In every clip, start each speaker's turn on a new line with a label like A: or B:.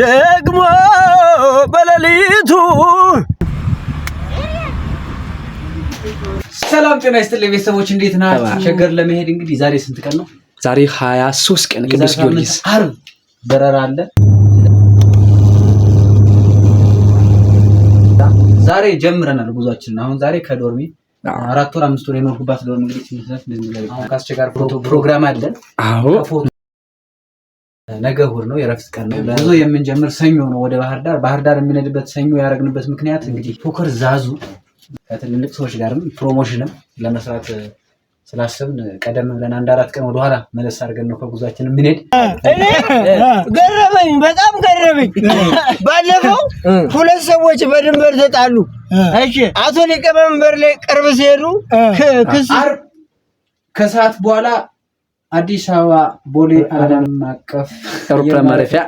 A: ደግሞ በሌሊቱ ሰላም ጤና ይስጥልኝ ቤተሰቦች፣ እንዴት ናችሁ? ሸገር ለመሄድ እንግዲህ ዛሬ ስንት ቀን ነው?
B: ዛሬ ሀያ ሶስት ቀን ቅዱስ ጊዮርጊስ
A: ዓርብ በረራ አለ። ዛሬ ጀምረናል ጉዟችንን። አሁን ዛሬ ከዶርሚ አራት ወር አምስት ወር የኖርኩባት ዶርም እንግዲህ ትምህርት ቤት አሁን ከአስቸጋሪ ፕሮግራም አለን። አዎ ነገ እሑድ ነው፣ የረፍት ቀን ነው። ለዞ የምንጀምር ሰኞ ነው ወደ ባህር ዳር። ባህር ዳር የምንሄድበት ሰኞ ያደረግንበት ምክንያት እንግዲህ ፖከር ዛዙ ከትልልቅ ሰዎች ጋርም ፕሮሞሽንም ለመስራት ስላሰብን ቀደም ብለን አንድ አራት ቀን ወደኋላ መለስ አድርገን ነው ከጉዟችን የምንሄድ።
C: ገረመኝ፣ በጣም ገረመኝ። ባለፈው ሁለት ሰዎች በድንበር ተጣሉ። አቶ ሊቀመንበር ላይ ቅርብ ሲሄዱ
A: ከሰዓት በኋላ አዲስ አበባ ቦሌ ዓለም አቀፍ
B: አውሮፕላን ማረፊያ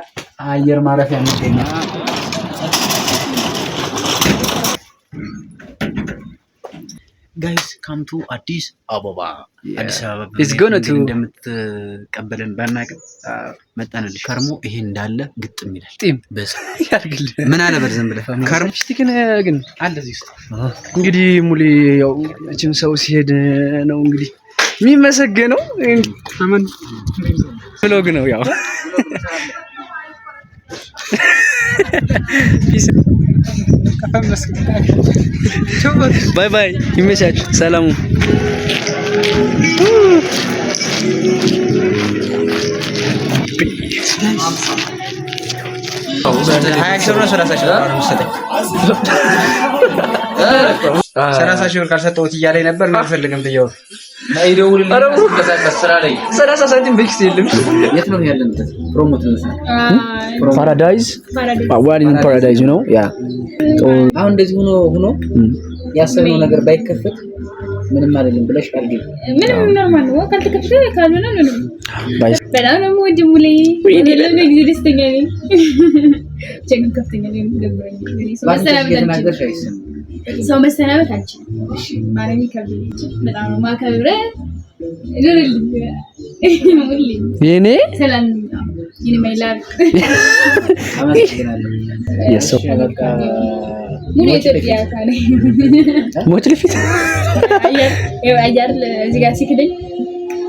A: አየር ማረፊያ የሚገኘው ጋይስ ካምቱ አዲስ አበባ አዲስ አበባ እንደምትቀበለን ባናውቅም መጣንልሽ። ከርሞ ይሄ እንዳለ ግጥም ይላል።
B: ጢም
A: ምን አለ በል ዝም ብለህ
B: ከርሞ ፊስቲክን ግን አለ እዚህ ውስጥ እንግዲህ ሙሌ ያው መቼም ሰው ሲሄድ ነው እንግዲህ የሚመሰገነው ብሎግ ነው። ያው ባይ ባይ፣ ይመቻችሁ፣ ሰላሙ
A: ሀያ ሺህ ብር ነው። ሰላሳ ሺህ ብር ካልሰጠሁት እያለኝ ነበር። አልፈልግም ብየው ሰላሳ ሳንቲም የለም። የት ነው ያለንበት?
B: ፓራዳይዝ ዋን ኢን ፓራዳይዝ ነው ያ።
A: አሁን እንደዚህ ሆኖ ሆኖ ያሰብነው ነገር ባይከፈት ምንም አይደለም ብለሽ ቃል
D: ምንም ኖርማል ነው። ካልተከፈተ ካልሆነ ምንም በጣም ነው የምወደው። ሙሌ ነው ጊዜ ደስተኛ ነኝ። ብቻ ከፍተኛ ነው የሚደብረኝ። ሰላም ሰው መሰናበት አልችልም። ማረኝ ከብልች በጣም ነው ማከብረ
B: ይኔ ሙሉ ኢትዮጵያ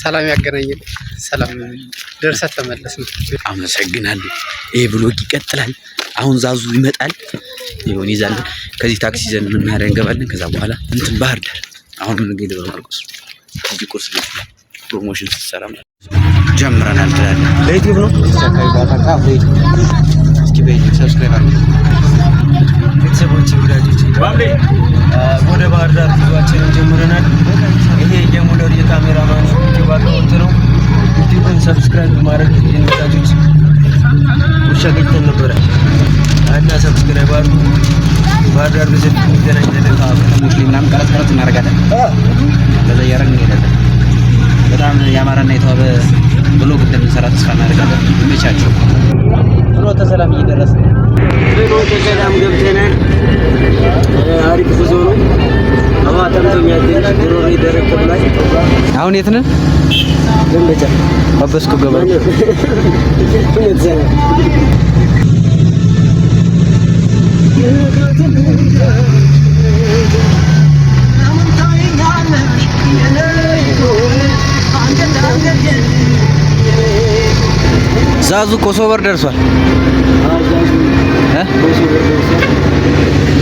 B: ሰላም ያገናኘን። ሰላም ደርሰት ተመለስ ነው።
A: አመሰግናለሁ። ይህ ብሎግ ይቀጥላል። አሁን ዛዙ ይመጣል ይሆን ይዛለን። ከዚህ ታክሲ ይዘን መናኸሪያ እንገባለን። ከዛ በኋላ እንትን ባህር ዳር አሁን የምንገኝ ደብረ ማርቆስ እዚህ ቁርስ ቤት ፕሮሞሽን ስትሰራ ጀምረናል ትላለህ። ለዩቲዩብ ነው እስኪ በይ ሰብስክራይብ ቤተሰቦች፣ ወዳጆች ወደ ባህር ዳር ጉዟችንን ጀምረናል። ሚዲያ ሙለር የካሜራማን ዩቲዩብ አካውንት ነው። ዩቲዩብን ሰብስክራይብ በማድረግ ወጣቶች ውሻ ገጭተን ነበረ እና ሰብስክራይብ አድርጉ። ባህር ዳር በዘድ የሚገናኝ ደለቃ ምናምን ቀረጽ ቀረጽ እናደርጋለን። በዛ እያደረግን እንሄዳለን። በጣም የአማራና የተዋበ ብሎግ እንደምንሰራ ተስፋ እናደርጋለን። ይመቻችሁ። ፍኖተ ሰላም እየደረስን ነው። ፍኖተ ሰላም ገብተናል። አሪፍ ጉዞ ነው። አሁን የት ነን? ደንበጫ
B: አበስኩ ገባ ዛዙ ኮሶበር ደርሷል።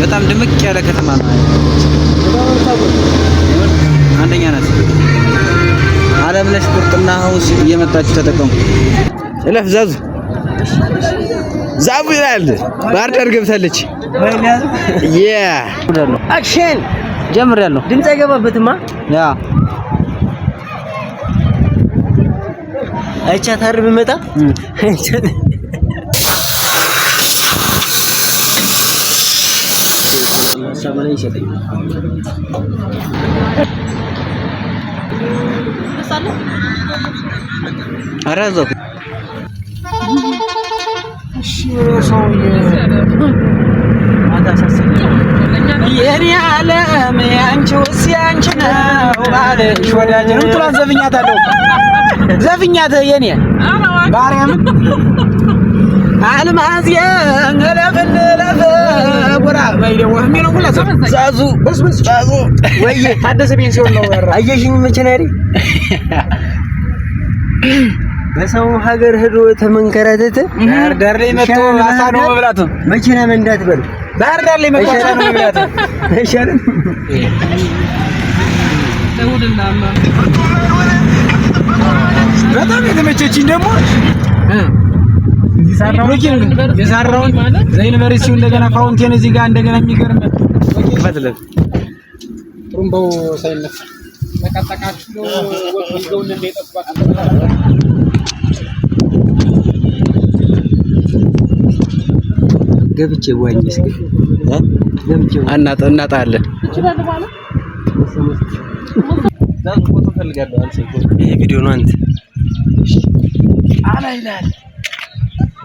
B: በጣም ድምቅ ያለ ከተማ ነው። አንደኛ ናት። አለም ነሽ ቁርጥና ሀውስ እየመጣችሁ ተጠቀሙ። እለፍ ዛዙ ዛቡ ይላል። ባህር ዳር ገብታለች።
A: አክሽን ጀምሬያለሁ። ድምፅ አይገባበትማ። ያ ታር ብመጣ አሳልፎ
B: ይሰጠኝ። ኧረ እዛው የኔ ዓለም ያንቺ ውስጥ ያንቺ ነው አለሽ ወዳጅ ነው ትሏን ዘፍኛት አለው ዘፍኛት የኔ ባሪያም አልማዝየ እለፍን በሰው ሀገር ሄዶ ተመንከራተተ ዳር ላይ መጥቶ አሳ ነው መብላቱ መኪና መንዳት በል ባህር ዳር ላይ መጥቶ አሳ ነው መብላቱ አይሻልም? በጣም የተመቸችኝ ደግሞ የሰራውን ዩኒቨርሲቲው እንደገና ፋውንቴን እዚህ ጋር እንደገና የሚገርም ይፈትልን ጥሩምባው ሳይነሳ ገብቼ ዋኝ እስኪ አናጣ እናጣለን። ይሄ ቪዲዮ ነው አንተ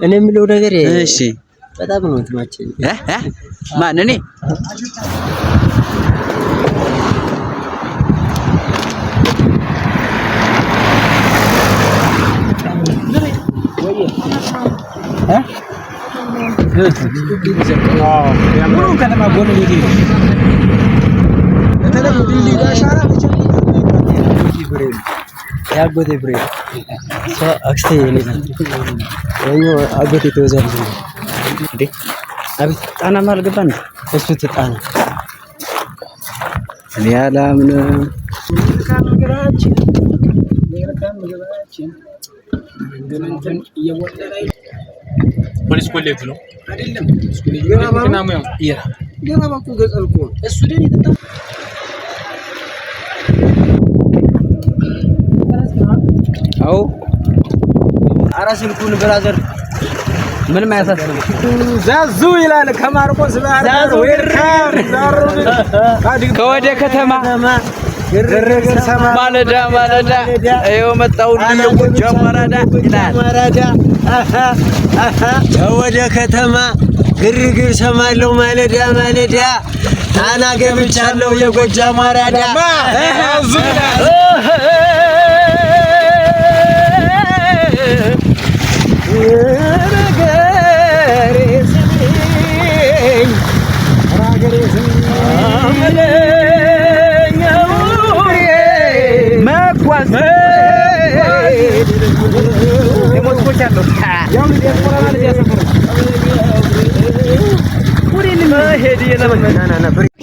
A: እኔ የምለው ነገር እሺ፣ በጣም ነው እንትማችን
B: እ እ ማን እኔ ያጎቴ ብሬ አክስቴ የኔ ይኸኛው አጎቴ የተበዛ እንዴ? አቤት ጣናም አልገባ እንዴ? እሱ ትጣና እኔ አላምንም። ፖሊስ ኮሌጅ ነው አይደለም? እሱ ኧረ ስልኩን ብራዘር ምንም አያሳስብም። ዛዙ ይላል ከማርቆስ ከወደ ከተማ ማለዳ ማለዳ ይኸው መጣሁ ጀመራዳ ይላል ከወደ ከተማ ግርግር ሰማለሁ ማለዳ ማለዳ ጣና ገብቻለሁ የጎጃም አራዳ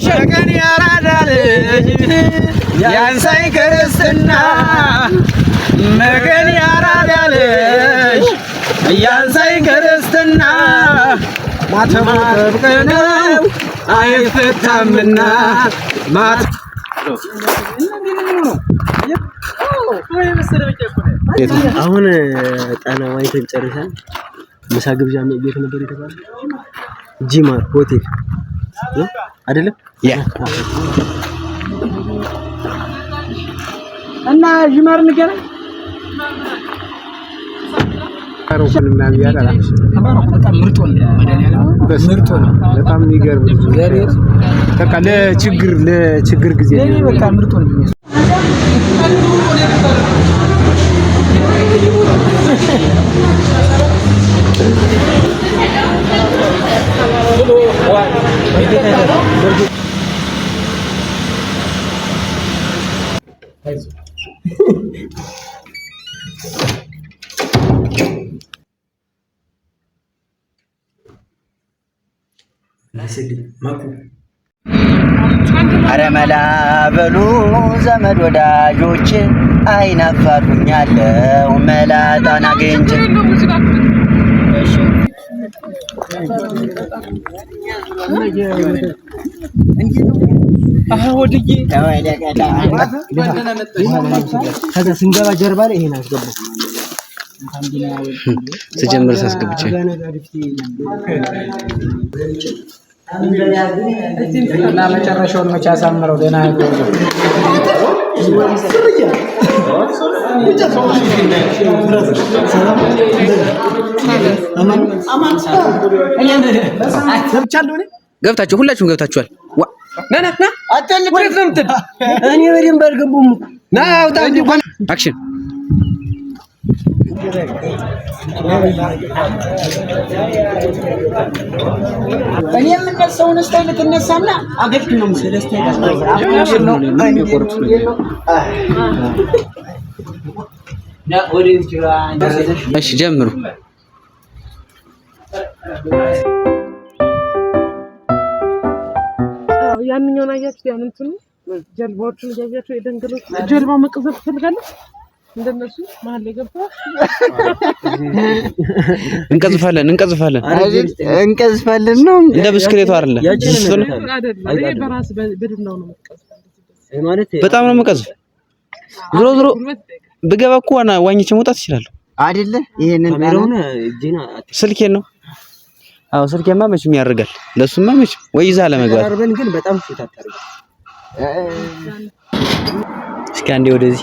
B: ሸገን ያራዳ ልጅ ክርስትና መገን ያራዳ ያንሳይ ያንሳኝ ክርስትና ማተማቀነው አይፈታምና ማት አሁን ጣና ዋይተን ጨርሰን ምሳ ግብዣ ቤት ነበር የተባለው። ጂማር ሆቴል አይደለም ያ እና ጂማር ንገረኝ። ካሮኩን በጣም የሚገርም ለችግር ለችግር ጊዜ በቃ ምርጦ ነው። kilo 1 አረ መላ በሉ ዘመድ ወዳጆች አይናፋሩኛለው መላጣን አግኝቼ ከዛ ስንገባ ጀርባ ላይ ይሄን አስገባው ስጀምር ሳስገብቼ እና መጨረሻውን መቼ አሳምረው ደህና ገብታችሁ ሁላችሁም ገብታችኋል። ና ና ና፣ አትልቁ። ወዴት ነው የምትሄድ? እኔ በደንብ አልገቡም። ና አውጣ። አክሽን እኔ የምነሳው ነስታ ልትነሳና አገድ ነው እሺ፣ ጀምሩ። ያንኛውን አያችሁት? ያንንትኑ ጀልባዎቹን እያያችሁ የደንገሎች ጀልባ መቅዘፍ ትፈልጋለች እንደነሱ መሀል የገባ እንቀዝፋለን እንቀዝፋለን እንቀዝፋለን ነው እንደ ብስክሌቱ አይደለ። በጣም ነው መቀዝፍ ዞሮ ዞሮ ብገባ እኮ ዋና ዋኝቼ መውጣት እችላለሁ አይደለ? ይሄንን ስልኬ ነው አዎ፣ ስልኬማ መቼም ያደርጋል። ለሱማ መቼም ወይ ይዛ ለመግባት ግን በጣም እስኪ አንዴ ወደዚህ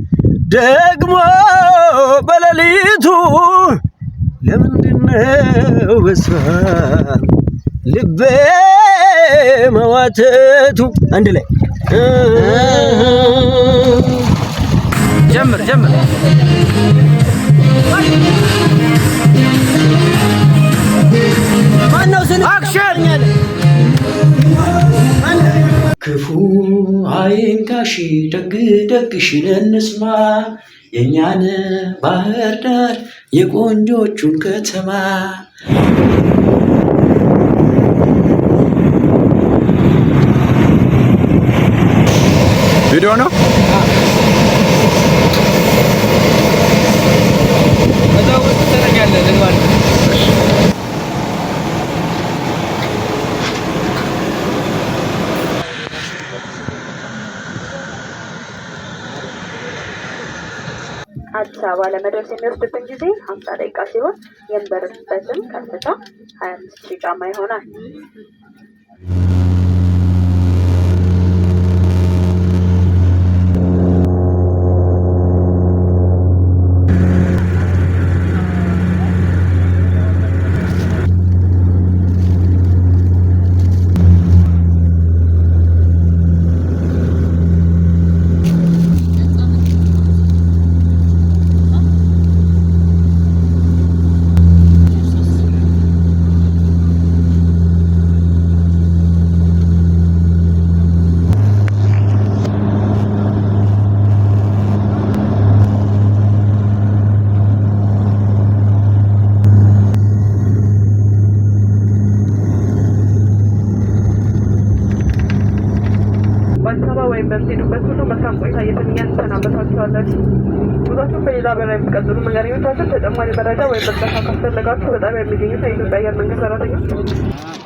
B: ደግሞ በሌሊቱ ለምንድነው በስራር ልቤ መዋተቱ? አንድ ላይ ጀምር ጀምር ማነው ስን አክሽን ክፉ አይንካሽ ደግ ደግሽን እንስማ የእኛን ባህር ዳር የቆንጆቹን ከተማ ቪዲዮ ነው። አዲስ አበባ ለመድረስ የሚወስድብን ጊዜ ሀምሳ ደቂቃ ሲሆን የምንበርስበትም ከፍታ ሀያ አምስት ሺህ ጫማ ይሆናል። በምትሄዱበት ሁሉ መልካም ቆይታ እየተመኘን እንሰናበታችኋለን። ጉዟችሁን በሌላ በረራ የሚቀጥሉ መንገደኞቻችን ተጨማሪ መረጃ ወይም መጠፋ ካስፈለጋችሁ በጣቢያ የሚገኙት የኢትዮጵያ አየር መንገድ ሰራተኞች